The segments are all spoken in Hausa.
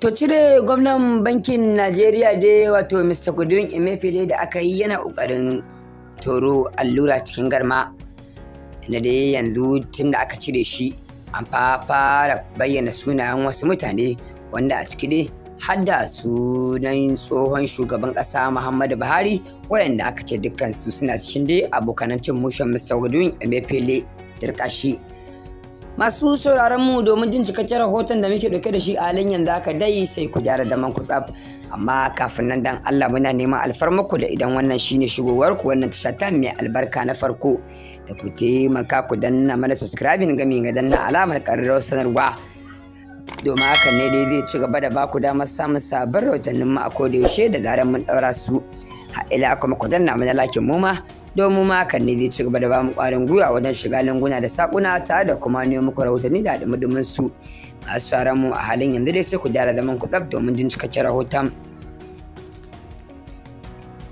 To cire gwamnan bankin Najeriya dai wato Mr. Godwin Emefiele da aka yi yana ƙoƙarin toro allura cikin garma. Da dai yanzu tun da aka cire shi an fara bayyana sunayen wasu mutane wanda a ciki dai har da sunan tsohon shugaban ƙasa Muhammadu Buhari wayanda aka ce dukkan su suna cikin dai abokanancin mushen Mr. Godwin Emefiele masu sauraron mu domin jin cikakken rahoton da muke dauke da shi a halin yanzu haka dai sai ku gyara zaman ku tsaf amma kafin nan dan Allah muna neman alfarmako da idan wannan shine shigowar ku wannan tsatan mai albarka na farko da ku taimaka ku danna mana subscribing gami ga danna alamar karrar sanarwa domin hakan ne dai zai ci gaba da baku damar samun sabon rahotannin mu a koda yaushe da zaran mun daura su ha ila kuma ku danna mana lakin mu ma domin ma kan ne zai ci gaba da bamu ƙwarin gwiwa wajen shiga lunguna da sakuna ta da kuma nemo muku rahotanni da dumudumin su masu sauran mu a halin yanzu dai sai ku gyara zaman ku tsaf domin jin cikakken rahoton.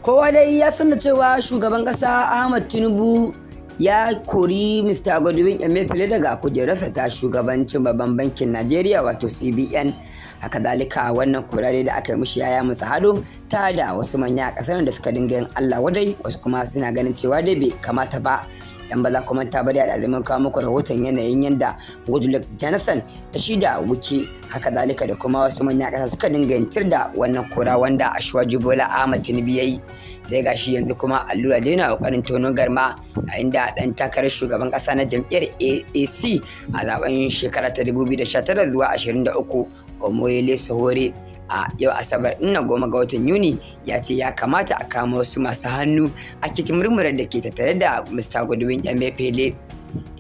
Kowa dai ya san da cewa shugaban ƙasa Ahmad Tinubu ya kori Mr. Godwin Emefiele daga kujerarsa ta shugabancin babban bankin Najeriya wato CBN. haka dalika, wannan kurare da aka yi mishi yaya mutsa hado ta da wasu manya kasar da suka dinga yin allah wadai wasu kuma suna ganin cewa dai bai kamata ba yan ba za ku manta ba da kawo muku rahoton yanayin yadda goodluck jonathan ta shida wuki haka dalika da kuma wasu manya kasa suka dinga yin da wannan kura wanda ashwa jibola ahmad tinubu ya yi sai gashi yanzu kuma allura daina kokarin tono garma a inda ɗan takarar shugaban kasa na jam'iyyar aac a zaben shekara ta 2019 zuwa 23 omoyele sahore a yau asabar ina goma ga watan yuni ya ce ya kamata a kama wasu masu hannu a cikin murmurar da ke tattare da mr godwin emefele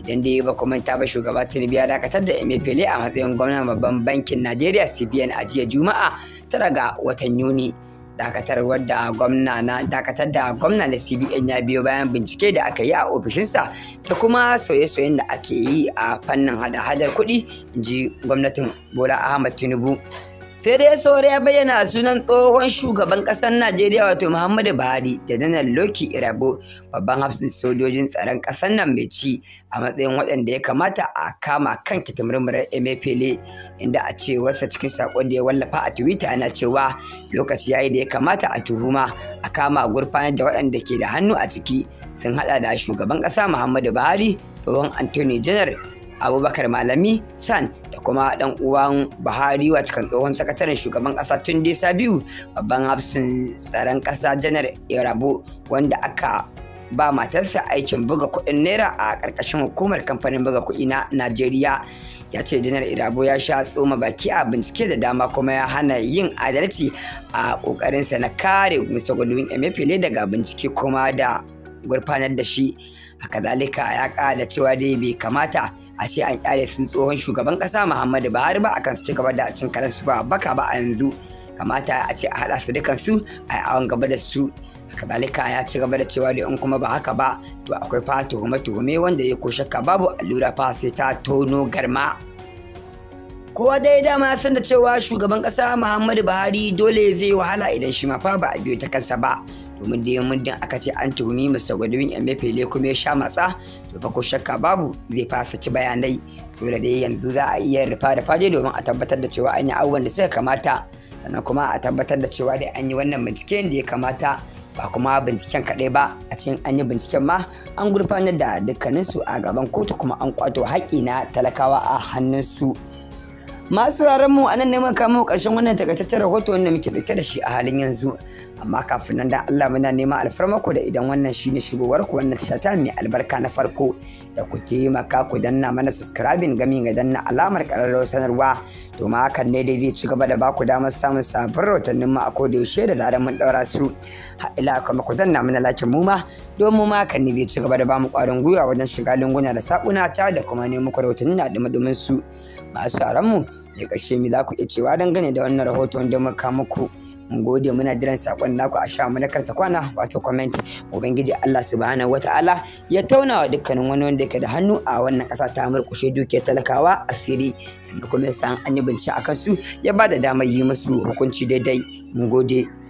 idan dai ba manta ba shugaba tinubu ya dakatar da emefiele a matsayin gwamnan babban bankin najeriya cbn a jiya juma'a tara ga watan yuni dakatar wadda gwamna na dakatar da gwamna da cbn ya biyo bayan bincike da aka yi a ofishinsa da kuma sauye-sauyen da ake yi a fannin hada-hadar kuɗi ji gwamnatin bola ahmad tinubu sai sore ya bayyana sunan tsohon shugaban ƙasar najeriya wato muhammadu buhari da janar loki irabo babban hafsin sojojin tsaron ƙasar nan mai ci a matsayin waɗanda ya kamata a kama kan kitimurmurar emefele inda a ce wasa cikin saƙon da ya wallafa a twitter yana cewa lokaci yayi da ya kamata a tuhuma a kama gurfanar da waɗanda ke da hannu a ciki sun haɗa da shugaban ƙasa muhammadu buhari tsohon anthony janar abubakar malami san da kuma dan uwan buhari kan tsohon sakataren shugaban kasa tunde sabiu babban hafsin tsaron kasa janar irabo wanda aka ba matarsa aikin buga kuɗin naira a ƙarƙashin hukumar kamfanin buga kuɗi na najeriya ya ce janar irabo ya sha tsoma baki a bincike da dama kuma ya hana yin adalci a ƙoƙarinsa na kare mr godwin emefiele daga bincike kuma da gurfanar da shi haka zalika ya ƙara cewa dai bai kamata a ce an kyale su tsohon shugaban ƙasa muhammadu buhari ba akan su ci gaba da cin karen su ba baka ba a yanzu kamata a ce a haɗa su dukan su a yi awon gaba da su haka zalika ya ci gaba da cewa dai in kuma ba haka ba to akwai fa tuhume-tuhume wanda ya ko shakka babu allura fa sai ta tono garma. kowa dai dama san da cewa shugaban kasa muhammadu buhari dole zai wahala idan shi ma fa ba a biyo ta kansa ba domin da muddin aka ce an tuhumi mr godwin emefiele kuma ya sha matsa to fa ko shakka babu zai fasa ci bayanai dole dai yanzu za a iya rufa da faje domin a tabbatar da cewa an yi abubuwan da suka kamata sannan kuma a tabbatar da cewa dai an yi wannan binciken da ya kamata ba kuma binciken kaɗai ba a cikin an yi binciken ma an gurfanar da dukkaninsu a gaban kotu kuma an kwato haƙƙi na talakawa a hannunsu. su masu mu anan nan neman kamo ƙarshen wannan takaitaccen rahoto wanda muke dauke da shi a halin yanzu amma kafin nan da Allah muna neman alfarmako da idan wannan shine shigowar ku wannan shata mai albarka na farko da ku taimaka ku danna mana subscribing gami ga danna alamar ƙararrawar sanarwa to ma hakan ne dai zai ci gaba da baku damar samun sabbin rahotannin mu a da yaushe da zarar mun daura su ha ila kuma ku danna mana lakin mu ma domin ma hakan ne zai ci gaba da bamu ƙwarin gwiwa wajen shiga lunguna da saƙuna ta da kuma nemo rahotannin da dumi su masu mu da ƙarshe mi za ku iya cewa dangane da wannan rahoton wanda muka muku mun gode muna jiran sakon naku a sha mulakar ta kwana wato comment ubangiji Allah subhanahu wataala ya tauna wa dukkanin wani wanda yake da hannu a wannan ƙasa ta murkushe dukiyar talakawa asiri da kuma yasa an yi bincike akan su ya ba da damar yi musu hukunci daidai mun gode